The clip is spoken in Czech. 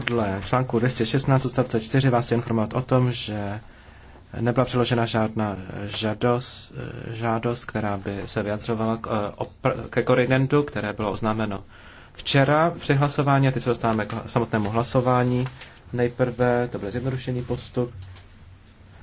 podle článku 216 odstavce 4 vás je informovat o tom, že nebyla přeložena žádná žádost, žádost která by se vyjadřovala k, eh, ke korigendu, které bylo oznámeno včera při hlasování a teď se dostáváme k samotnému hlasování. Nejprve to byl zjednodušený postup.